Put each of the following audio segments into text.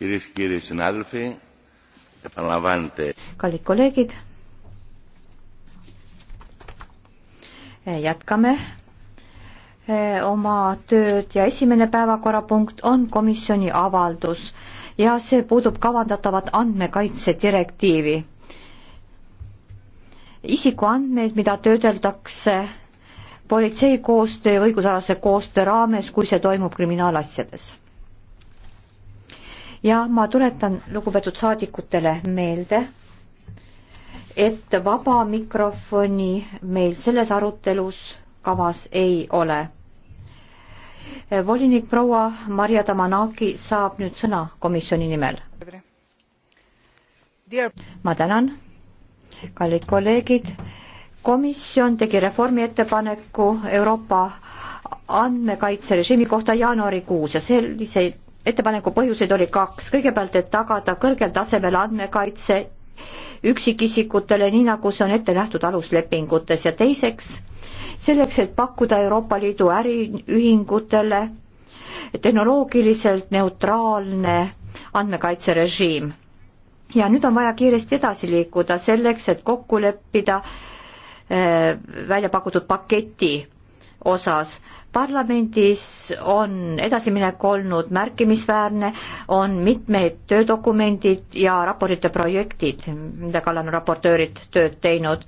kallid kolleegid, jätkame oma tööd ja esimene päevakorrapunkt on komisjoni avaldus ja see puudub kavandatavat andmekaitse direktiivi. isikuandmeid, mida töödeldakse politsei koostöö ja õigusalase koostöö raames, kui see toimub kriminaalasjades ja ma tuletan lugupeetud saadikutele meelde, et vaba mikrofoni meil selles arutelus kavas ei ole. volinik proua Marja Tamanaki saab nüüd sõna komisjoni nimel. ma tänan, kallid kolleegid. komisjon tegi reformi ettepaneku Euroopa andmekaitserežiimi kohta jaanuarikuus ja selliseid ettepaneku põhjuseid oli kaks. kõigepealt, et tagada kõrgel tasemel andmekaitse üksikisikutele, nii nagu see on ette nähtud aluslepingutes ja teiseks, selleks, et pakkuda Euroopa Liidu äriühingutele tehnoloogiliselt neutraalne andmekaitserežiim. ja nüüd on vaja kiiresti edasi liikuda selleks, et kokku leppida äh, välja pakutud paketi osas parlamendis on edasiminek olnud märkimisväärne, on mitmed töödokumendid ja raportite projektid, mille kallal on raportöörid tööd teinud.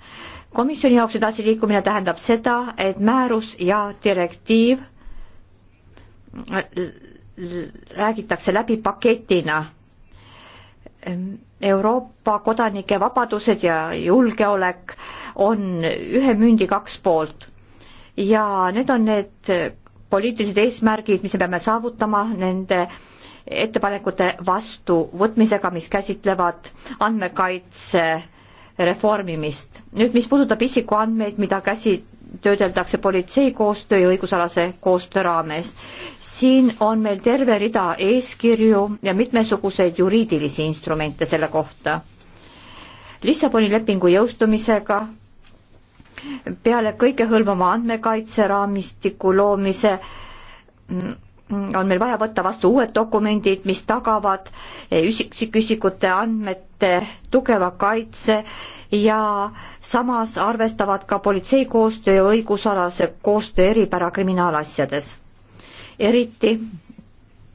komisjoni jaoks edasiliikumine tähendab seda, et määrus ja direktiiv räägitakse läbi paketina. Euroopa kodanike vabadused ja julgeolek on ühe mündi kaks poolt ja need on need poliitilised eesmärgid, mis me peame saavutama nende ettepanekute vastuvõtmisega, mis käsitlevad andmekaitse reformimist. nüüd, mis puudutab isikuandmeid, mida käsi töödeldakse politsei koostöö ja õigusalase koostöö raames, siin on meil terve rida eeskirju ja mitmesuguseid juriidilisi instrumente selle kohta. Lissaboni lepingu jõustumisega peale kõikehõlmava andmekaitseraamistiku loomise on meil vaja võtta vastu uued dokumendid, mis tagavad eh, üksikisikute andmete tugeva kaitse ja samas arvestavad ka politsei koostöö ja õigusalase koostöö eripära kriminaalasjades. eriti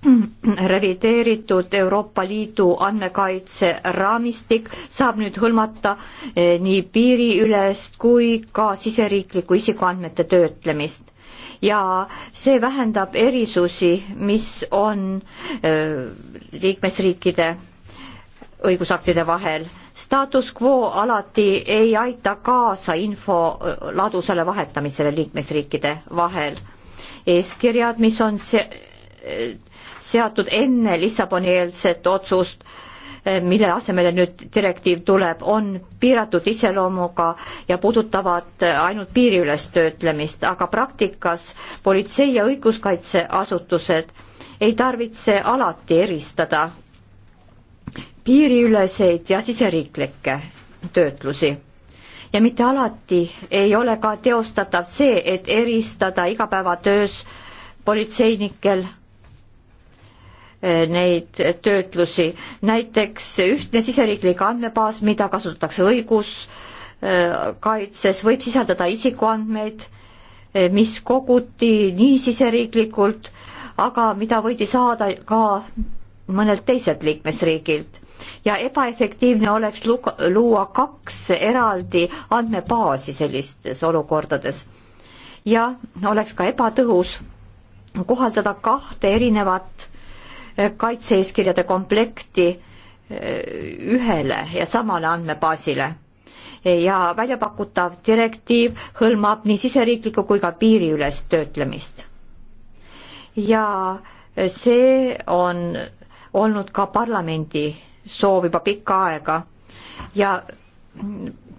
revideeritud Euroopa Liidu andmekaitseraamistik saab nüüd hõlmata eh, nii piiriülest kui ka siseriiklikku isikuandmete töötlemist. ja see vähendab erisusi, mis on eh, liikmesriikide õigusaktide vahel. Status quo alati ei aita kaasa info eh, ladusale vahetamisele liikmesriikide vahel. eeskirjad, mis on see seatud enne Lissaboni-eelset otsust, eh, mille asemele nüüd direktiiv tuleb, on piiratud iseloomuga ja puudutavad ainult piiriülest töötlemist, aga praktikas politsei ja õiguskaitseasutused ei tarvitse alati eristada piiriüleseid ja siseriiklikke töötlusi ja mitte alati ei ole ka teostatav see, et eristada igapäevatöös politseinikel neid töötlusi, näiteks ühtne siseriiklik andmebaas, mida kasutatakse õiguskaitses, võib sisaldada isikuandmeid, mis koguti nii siseriiklikult, aga mida võidi saada ka mõnelt teiselt liikmesriigilt ja ebaefektiivne oleks luua kaks eraldi andmebaasi sellistes olukordades. ja oleks ka ebatõhus kohaldada kahte erinevat kaitse-eeskirjade komplekti eh, ühele ja samale andmebaasile ja väljapakutav direktiiv hõlmab nii siseriiklikku kui ka piiriülest töötlemist. ja see on olnud ka parlamendi soov juba pikka aega ja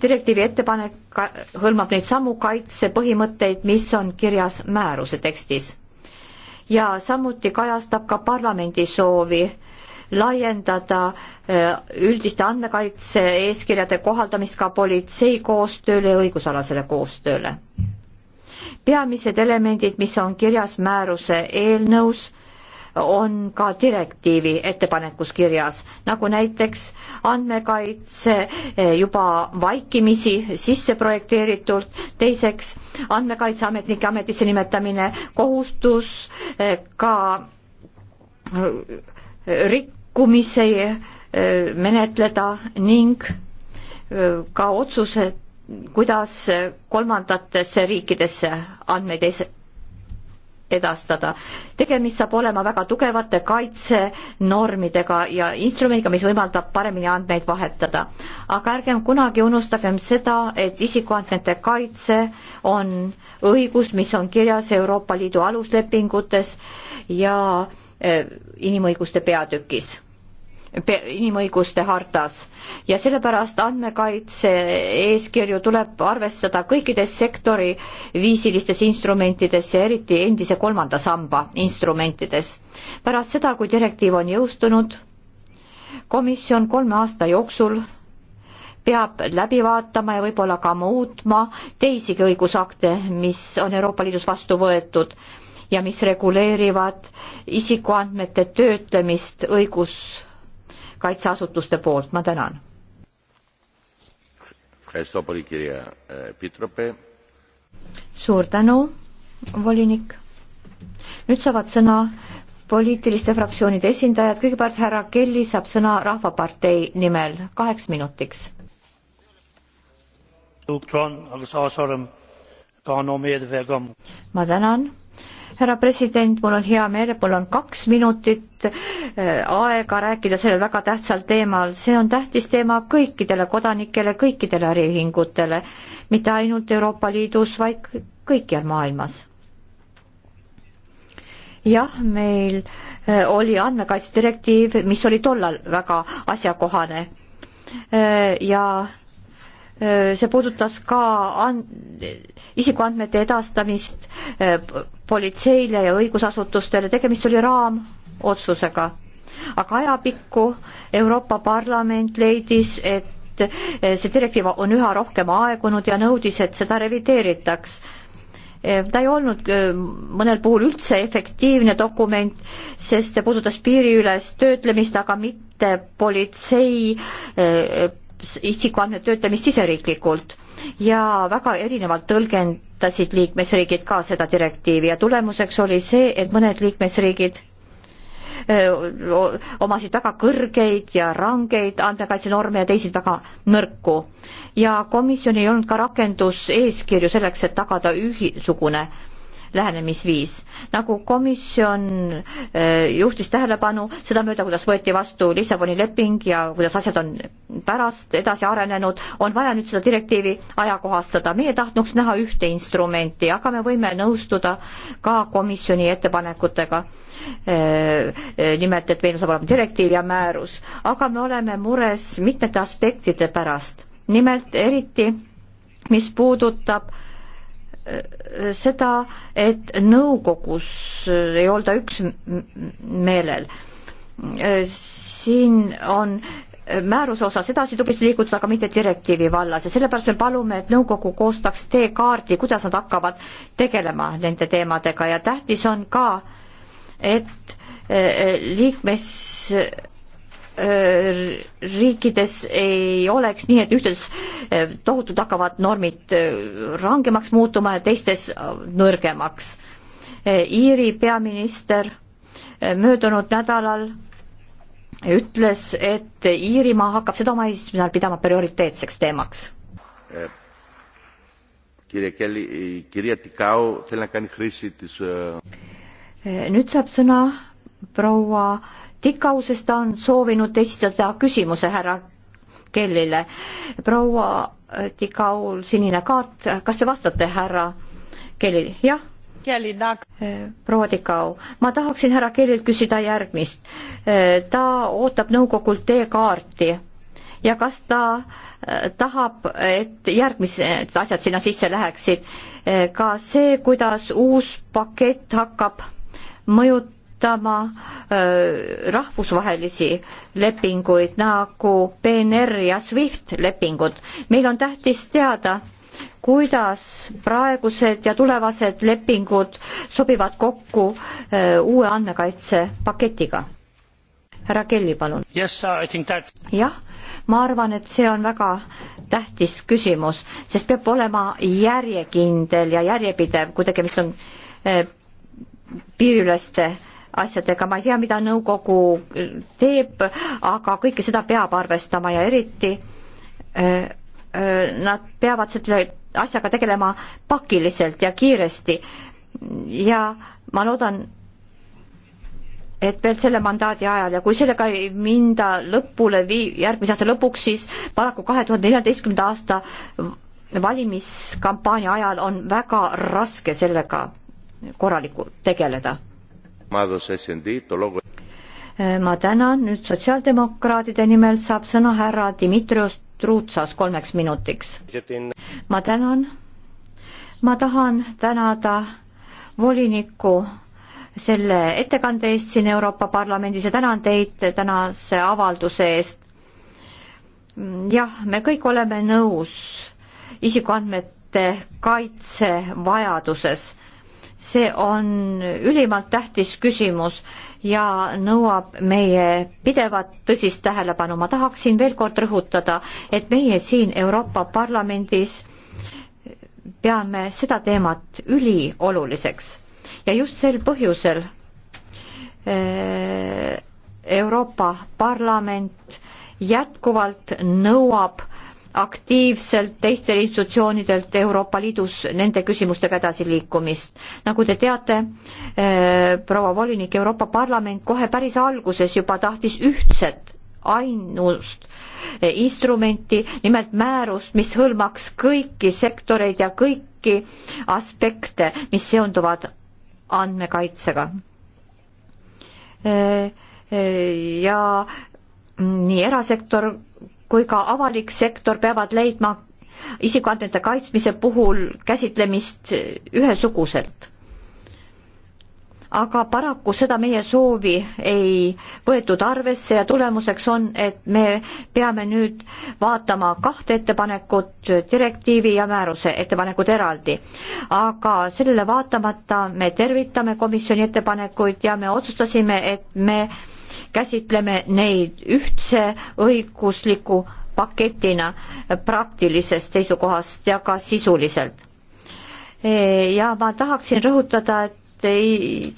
direktiivi ettepanek hõlmab neid samu kaitsepõhimõtteid, mis on kirjas määruse tekstis ja samuti kajastab ka parlamendi soovi laiendada äh, üldiste andmekaitse eeskirjade kohaldamist ka politsei koostööle ja õigusalasele koostööle. peamised elemendid, mis on kirjas määruse eelnõus, on ka direktiivi ettepanekus kirjas, nagu näiteks andmekaitse eh, juba vaikimisi sisse projekteeritult, teiseks andmekaitseametnike ametisse nimetamine, kohustus eh, ka eh, rikkumisi menetleda ning ka otsused, kuidas kolmandatesse riikidesse andmeid edastada. tegemist saab olema väga tugevate kaitsenormidega ja instrumendiga, mis võimaldab paremini andmeid vahetada. aga ärgem kunagi unustagem seda, et isikuandmete kaitse on õigus, mis on kirjas Euroopa Liidu aluslepingutes ja eh, inimõiguste peatükis inimõiguste hartas ja sellepärast andmekaitse eeskirju tuleb arvestada kõikides sektori viisilistes instrumentides ja eriti endise kolmanda samba instrumentides. pärast seda, kui direktiiv on jõustunud, komisjon kolme aasta jooksul peab läbi vaatama ja võib-olla ka muutma teisigi õigusakte, mis on Euroopa Liidus vastu võetud ja mis reguleerivad isikuandmete töötlemist õigus kaitseasutuste poolt, ma tänan. suur tänu, volinik. nüüd saavad sõna poliitiliste fraktsioonide esindajad, kõigepealt härra Kelly saab sõna Rahvapartei nimel kaheks minutiks. ma tänan härra president, mul on hea meel, mul on kaks minutit äh, aega rääkida sellel väga tähtsal teemal. see on tähtis teema kõikidele kodanikele, kõikidele äriühingutele, mitte ainult Euroopa Liidus, vaid kõikjal maailmas. jah, meil äh, oli andmekaitse direktiiv, mis oli tollal väga asjakohane äh, ja see puudutas ka and-, isikuandmete edastamist eh, politseile ja õigusasutustele, tegemist oli raamotsusega. aga ajapikku Euroopa Parlament leidis, et eh, see direktiiv on üha rohkem aegunud ja nõudis, et seda revideeritaks. Eh, ta ei olnud mõnel puhul üldse efektiivne dokument, sest see puudutas piiriülest töötlemist, aga mitte politsei isikuandmete töötlemist siseriiklikult ja väga erinevalt tõlgendasid liikmesriigid ka seda direktiivi ja tulemuseks oli see, et mõned liikmesriigid omasid väga kõrgeid ja rangeid andmekaitsenorme ja teised väga nõrku. ja komisjonil ei olnud ka rakenduseeskirju selleks, et tagada ühisugune lähenemisviis. nagu komisjon äh, juhtis tähelepanu sedamööda, kuidas võeti vastu Lissaboni leping ja kuidas asjad on pärast edasi arenenud, on vaja nüüd seda direktiivi ajakohastada. meie tahtnuks näha ühte instrumenti, aga me võime nõustuda ka komisjoni ettepanekutega. Äh, äh, nimelt, et meil saab olema direktiiv ja määrus, aga me oleme mures mitmete aspektide pärast. nimelt eriti, mis puudutab äh, seda, et nõukogus ei olda üksmeelel. siin on määruse osas edasi tublisti liigutud, aga mitte direktiivi vallas ja sellepärast me palume, et nõukogu koostaks teekaardi, kuidas nad hakkavad tegelema nende teemadega ja tähtis on ka, et eh, liikmes Äh, riikides ei oleks nii, et ühtes äh, tohutult hakkavad normid äh, rangemaks muutuma ja teistes nõrgemaks. Iiri peaminister möödunud nädalal ütles, et Iirimaa hakkab seda oma eesistujal pidama prioriteetseks teemaks. nüüd saab sõna proua Tikauses ta on soovinud esitada küsimuse härra Kellile. proua Tikaul, sinine kaart, kas te vastate härra Kellile? jah? proua Tikau, ma tahaksin härra Kellilt küsida järgmist. ta ootab nõukogult teekaarti ja kas ta äh, tahab, et järgmised asjad sinna sisse läheksid, äh, ka see, kuidas uus pakett hakkab mõjutama muutma rahvusvahelisi lepinguid nagu PNR ja SWIFT lepingud. meil on tähtis teada, kuidas praegused ja tulevased lepingud sobivad kokku uue andmekaitsepaketiga. härra Kelly, palun. jah, ma arvan, et see on väga tähtis küsimus, sest peab olema järjekindel ja järjepidev, kui tegemist on piiriüleste äh, asjadega, ma ei tea, mida nõukogu teeb, aga kõike seda peab arvestama ja eriti äh, äh, nad peavad selle asjaga tegelema pakiliselt ja kiiresti. ja ma loodan, et veel selle mandaadi ajal ja kui sellega ei minda lõpule vii-, järgmise aasta lõpuks, siis paraku kahe tuhande neljateistkümnenda aasta valimiskampaania ajal on väga raske sellega korralikult tegeleda ομάδος S&D το λόγο... Ma tänan, nüüd sotsiaaldemokraatide nimel saab sõna härra Dimitrios Truutsas kolmeks minutiks. ma tänan, ma tahan tänada volinikku selle ettekande eest siin Euroopa Parlamendis ja tänan teid tänase avalduse eest. jah, me kõik oleme nõus isikuandmete kaitse vajaduses see on ülimalt tähtis küsimus ja nõuab meie pidevat tõsist tähelepanu. ma tahaksin veel kord rõhutada, et meie siin Euroopa Parlamendis peame seda teemat ülioluliseks ja just sel põhjusel eh, Euroopa Parlament jätkuvalt nõuab aktiivselt teistelt institutsioonidelt Euroopa Liidus nende küsimustega edasiliikumist. nagu te teate, eh, proua volinik, Euroopa Parlament kohe päris alguses juba tahtis ühtset ainust eh, instrumenti, nimelt määrust, mis hõlmaks kõiki sektoreid ja kõiki aspekte, mis seonduvad andmekaitsega. Eh, ja nii erasektor kui ka avalik sektor peavad leidma isikuandmete kaitsmise puhul käsitlemist ühesuguselt. aga paraku seda meie soovi ei võetud arvesse ja tulemuseks on, et me peame nüüd vaatama kahte ettepanekut, direktiivi ja määruse ettepanekud eraldi. aga sellele vaatamata me tervitame komisjoni ettepanekuid ja me otsustasime, et me käsitleme neid ühtse õigusliku paketina praktilisest seisukohast ja ka sisuliselt. ja ma tahaksin rõhutada, et ei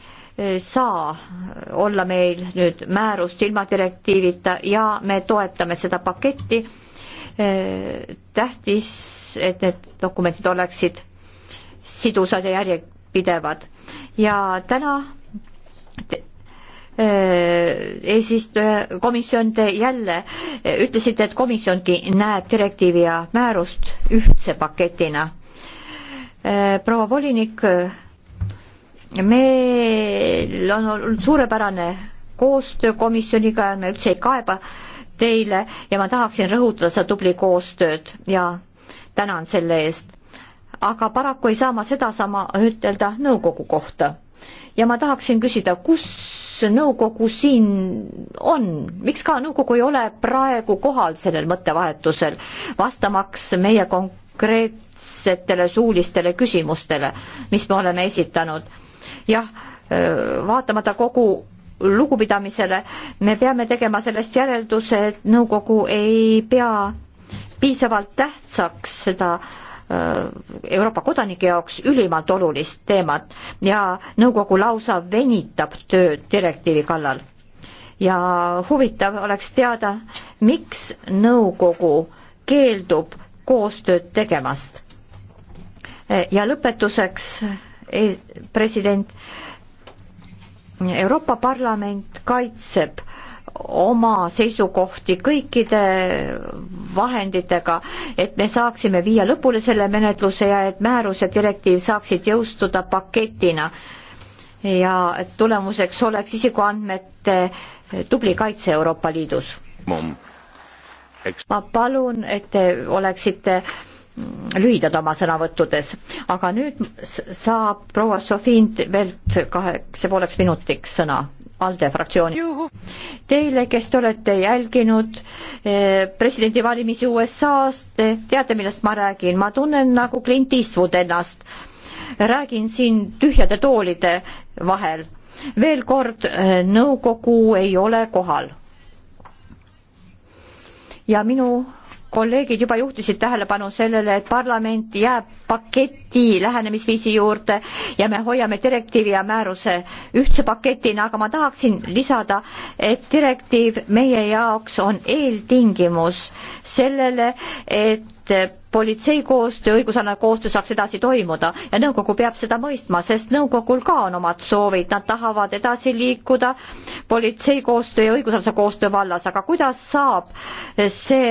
saa olla meil nüüd määrust ilma direktiivita ja me toetame seda paketti. tähtis, et need dokumendid oleksid sidusad ja järjepidevad ja täna Äh, eesistuja, komisjon, te jälle äh, ütlesite, et komisjongi näeb direktiivi ja määrust ühtse paketina. Äh, proua volinik, meil on olnud suurepärane koostöö komisjoniga ja me üldse ei kaeba teile ja ma tahaksin rõhutada seda tubli koostööd ja tänan selle eest. aga paraku ei saa ma sedasama ütelda nõukogu kohta. ja ma tahaksin küsida, kus nõukogu siin on, miks ka nõukogu ei ole praegu kohal sellel mõttevahetusel, vastamaks meie konkreetsetele suulistele küsimustele, mis me oleme esitanud. jah, vaatamata kogu lugupidamisele, me peame tegema sellest järelduse, et nõukogu ei pea piisavalt tähtsaks seda äh, Äh, Euroopa kodanike jaoks ülimalt olulist teemat ja nõukogu lausa venitab tööd direktiivi kallal. ja huvitav oleks teada, miks nõukogu keeldub koostööd tegemast. Äh, ja lõpetuseks, eh, president, Euroopa Parlament kaitseb oma seisukohti kõikide vahenditega, et me saaksime viia lõpule selle menetluse ja et määrus ja direktiiv saaksid jõustuda paketina. ja tulemuseks oleks isikuandmete tubli kaitse Euroopa Liidus. ma palun, et te oleksite lühidad oma sõnavõttudes, aga nüüd saab proua Sofiin veel kaheks ja pooleks minutiks sõna ALDE fraktsiooni. Teile, kes te olete jälginud eh, presidendivalimisi USA-s, te teate, millest ma räägin, ma tunnen nagu Clint Eastwood ennast. räägin siin tühjade toolide vahel. veel kord, eh, nõukogu ei ole kohal. ja minu kolleegid juba juhtisid tähelepanu sellele, et parlament jääb paketi lähenemisviisi juurde ja me hoiame direktiivi ja määruse ühtse paketina, aga ma tahaksin lisada, et direktiiv meie jaoks on eeltingimus sellele, et politsei koostöö, õigusalane koostöö saaks edasi toimuda ja nõukogu peab seda mõistma, sest nõukogul ka on omad soovid, nad tahavad edasi liikuda politsei koostöö ja õigusalase koostöö vallas, aga kuidas saab see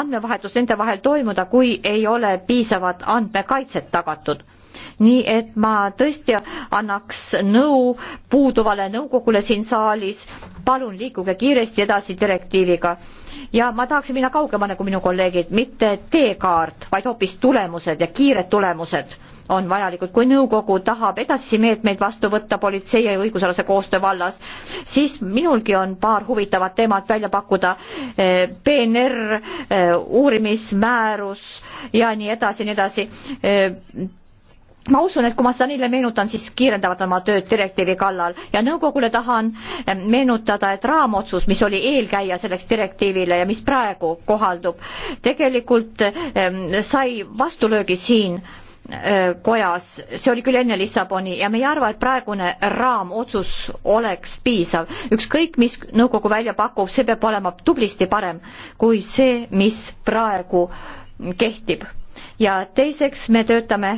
andmevahetus nende vahel toimuda, kui ei ole piisavat andmekaitset tagatud? nii et ma tõesti annaks nõu puuduvale nõukogule siin saalis, palun liikuge kiiresti edasi direktiiviga. ja ma tahaksin minna kaugemale kui minu kolleegid, mitte teekaart, vaid hoopis tulemused ja kiired tulemused on vajalikud. kui nõukogu tahab edasisi meetmeid vastu võtta politsei ja õigusalase koostöö vallas, siis minulgi on paar huvitavat teemat välja pakkuda. Eh, PNR, eh, uurimismäärus ja nii edasi, nii edasi eh, ma usun, et kui ma seda neile meenutan, siis kiirendavad oma tööd direktiivi kallal ja nõukogule tahan meenutada, et raamotsus, mis oli eelkäija selleks direktiivile ja mis praegu kohaldub, tegelikult sai vastulöögi siin e, kojas, see oli küll enne Lissaboni ja me ei arva, et praegune raamotsus oleks piisav. ükskõik, mis nõukogu välja pakub, see peab olema tublisti parem kui see, mis praegu kehtib. ja teiseks me töötame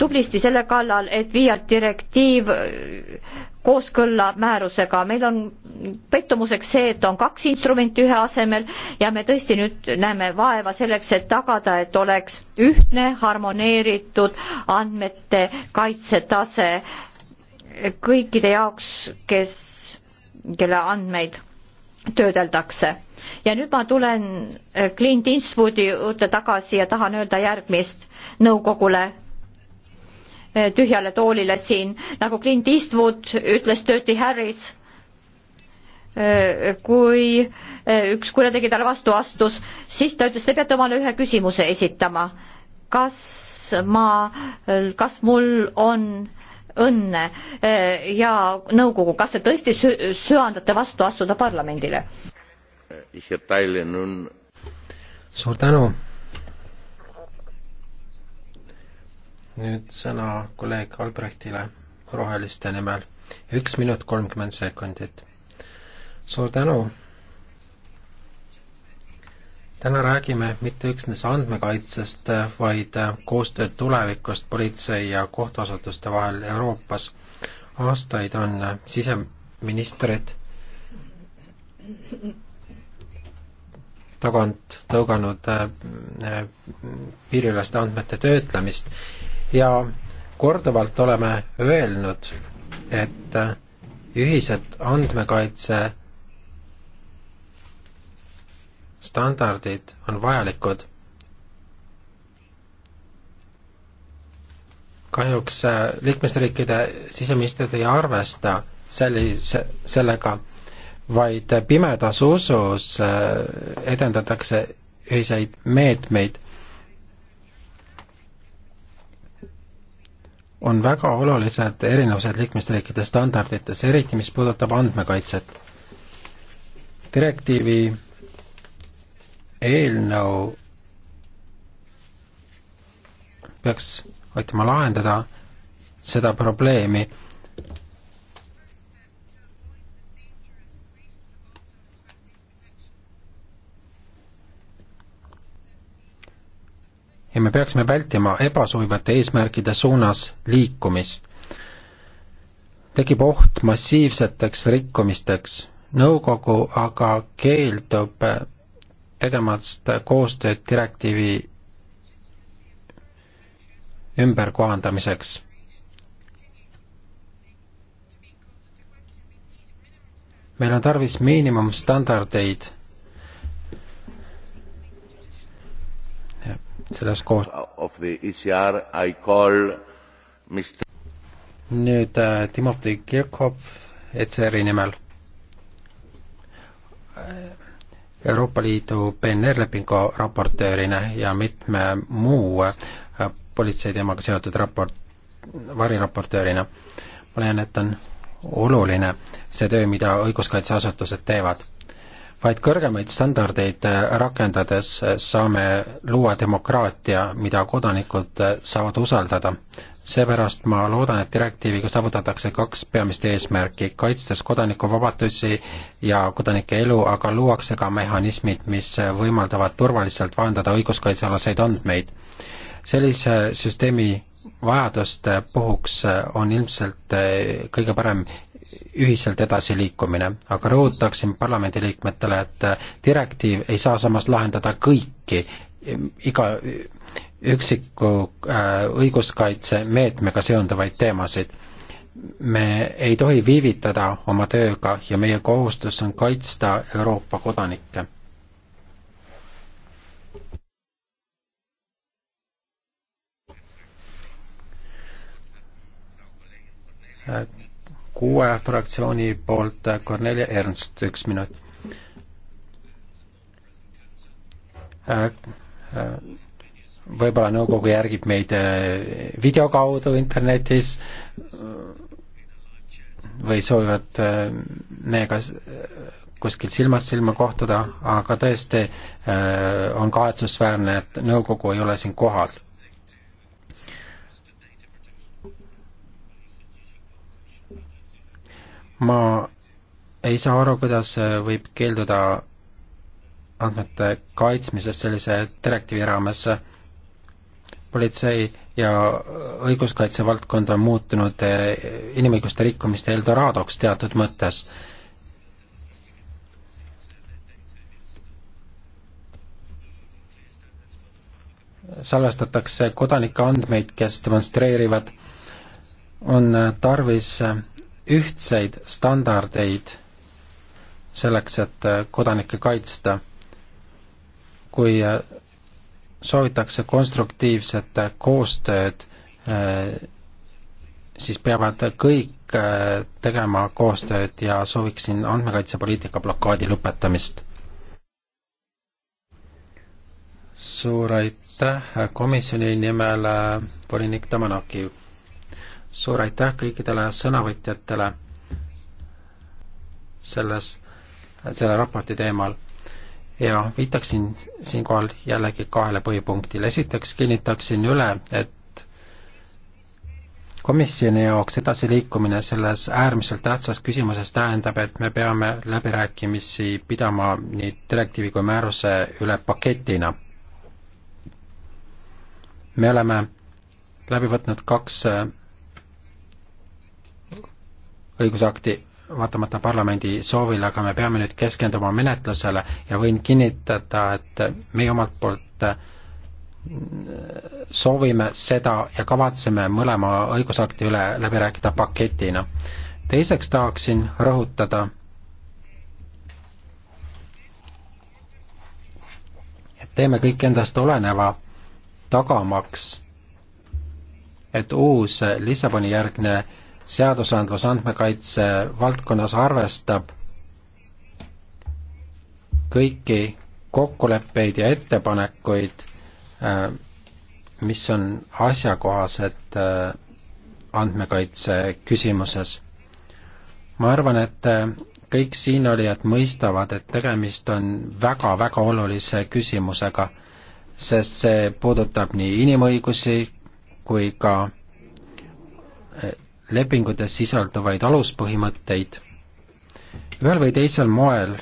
tublisti selle kallal, et viia direktiiv äh, kooskõlla määrusega, meil on pettumuseks see, et on kaks instrumenti ühe asemel ja me tõesti nüüd näeme vaeva selleks, et tagada, et oleks ühtne harmoneeritud andmete kaitsetase kõikide jaoks, kes, kelle andmeid töödeldakse. ja nüüd ma tulen Clint Eastwoodi juurde tagasi ja tahan öelda järgmist nõukogule tühjale toolile siin, nagu Clint Eastwood ütles Dirty Harris, äh, kui äh, üks kurjategija talle vastu astus, siis ta ütles, te peate omale ühe küsimuse esitama. kas ma, kas mul on õnne äh, ja nõukogu, kas te tõesti söandate vastu astuda parlamendile? suur tänu nüüd sõna kolleeg Albrechtile roheliste nimel. üks minut kolmkümmend sekundit. suur tänu! täna räägime mitte üksnes andmekaitsest, vaid koostöö tulevikust politsei ja kohtuasutuste vahel Euroopas. aastaid on siseministrid tagant tõuganud äh, äh, piiriüleste andmete töötlemist ja korduvalt oleme öelnud, et ühised andmekaitse standardid on vajalikud. kahjuks liikmesriikide siseministrid ei arvesta sellise, sellega, vaid pimedas usus äh, edendatakse ühiseid meetmeid on väga olulised erinevused liikmesriikide standardites, eriti mis puudutab andmekaitset. direktiivi eelnõu peaks aitama lahendada seda probleemi me peaksime vältima ebasobivate eesmärkide suunas liikumist. tekib oht massiivseteks rikkumisteks. nõukogu aga keeldub tegemast koostööd direktiivi ümberkohandamiseks. meil on tarvis miinimumstandardeid selles koos-. E nüüd äh, Timothy Kirchhoff ECR-i nimel. Äh, Euroopa Liidu PNR-lepingu raportöörina ja mitme muu äh, politsei teemaga seotud raport, variraportöörina. ma leian, et on oluline see töö, mida õiguskaitseasutused teevad vaid kõrgemaid standardeid äh, rakendades äh, saame luua demokraatia, mida kodanikud äh, saavad usaldada. seepärast ma loodan, et direktiiviga saavutatakse kaks peamist eesmärki, kaitstes kodanikuvabadusi ja kodanike elu, aga luuakse ka mehhanismid, mis võimaldavad turvaliselt vahendada õiguskaitsealaseid andmeid. sellise süsteemi vajaduste puhuks on ilmselt kõige parem ühiselt edasiliikumine, aga rõhutaksin parlamendiliikmetele, et direktiiv ei saa samas lahendada kõiki, iga üksiku äh, õiguskaitsemeetmega seonduvaid teemasid. me ei tohi viivitada oma tööga ja meie kohustus on kaitsta Euroopa kodanikke äh, kuue fraktsiooni poolt Kornelia Ernst, üks minut. võib-olla nõukogu järgib meid eh, video kaudu internetis või soovivad eh, meiega kuskil silmast silma kohtuda, aga tõesti eh, on kahetsusväärne, et nõukogu ei ole siin kohal ma ei saa aru, kuidas võib keelduda andmete kaitsmisest sellise direktiivi raames. politsei ja õiguskaitsevaldkond on muutunud eh, inimõiguste rikkumiste Eldoradoks teatud mõttes. salvestatakse kodanike andmeid, kes demonstreerivad, on tarvis ühtseid standardeid selleks, et äh, kodanikke kaitsta. kui äh, soovitakse konstruktiivset äh, koostööd, siis peavad kõik tegema koostööd ja sooviksin andmekaitsepoliitika blokaadi lõpetamist. suur aitäh komisjoni nimel, volinik Tamanaki suur aitäh kõikidele sõnavõtjatele selles, selle raporti teemal ja viitaksin siinkohal jällegi kahele põhipunktile. esiteks kinnitaksin üle, et komisjoni jaoks edasiliikumine selles äärmiselt tähtsas küsimuses tähendab, et me peame läbirääkimisi pidama nii direktiivi kui määruse üle paketina. me oleme läbi võtnud kaks õigusakti vaatamata parlamendi soovile, aga me peame nüüd keskenduma menetlusele ja võin kinnitada, et meie omalt poolt äh, soovime seda ja kavatseme mõlema õigusakti üle läbi rääkida paketina. teiseks tahaksin rõhutada, et teeme kõik endast oleneva tagamaks, et uus Lissaboni järgne seadusandlus andmekaitse valdkonnas arvestab kõiki kokkuleppeid ja ettepanekuid, äh, mis on asjakohased äh, andmekaitse küsimuses. ma arvan, et äh, kõik siinolijad mõistavad, et tegemist on väga-väga olulise küsimusega, sest see puudutab nii inimõigusi kui ka lepingutes sisalduvaid aluspõhimõtteid ühel või teisel moel äh,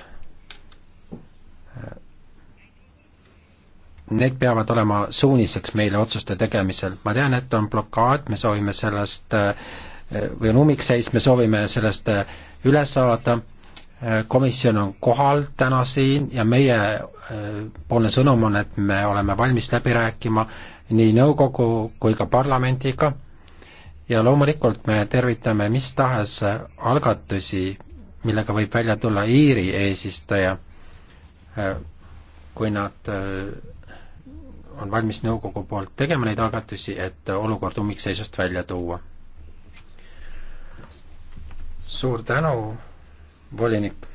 need peavad olema suuniseks meile otsuste tegemisel. ma tean, et on blokaad, me soovime sellest äh, või on ummikseis, me soovime sellest äh, üle saada, komisjon on kohal täna siin ja meie poolne sõnum on, et me oleme valmis läbi rääkima nii nõukogu kui ka parlamendiga ja loomulikult me tervitame mis tahes algatusi, millega võib välja tulla Iiri eesistuja, äh, kui nad äh, on valmis nõukogu poolt tegema neid algatusi, et olukord ummikseisust välja tuua. suur tänu, volinik!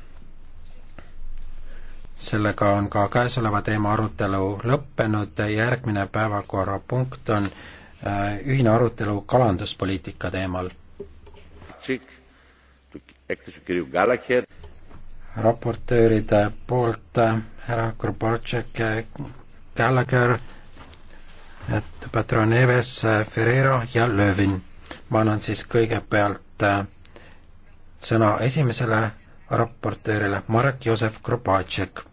sellega on ka käesoleva teema arutelu lõppenud, järgmine päevakorrapunkt on Äh, ühine arutelu kalanduspoliitika teemal. raportööride poolt äh, härra Gorbatšek, äh, Gallagher, et Patroneves, Ferreira ja Lövin. ma annan siis kõigepealt sõna esimesele raportöörile, Marek Josef Gorbatšek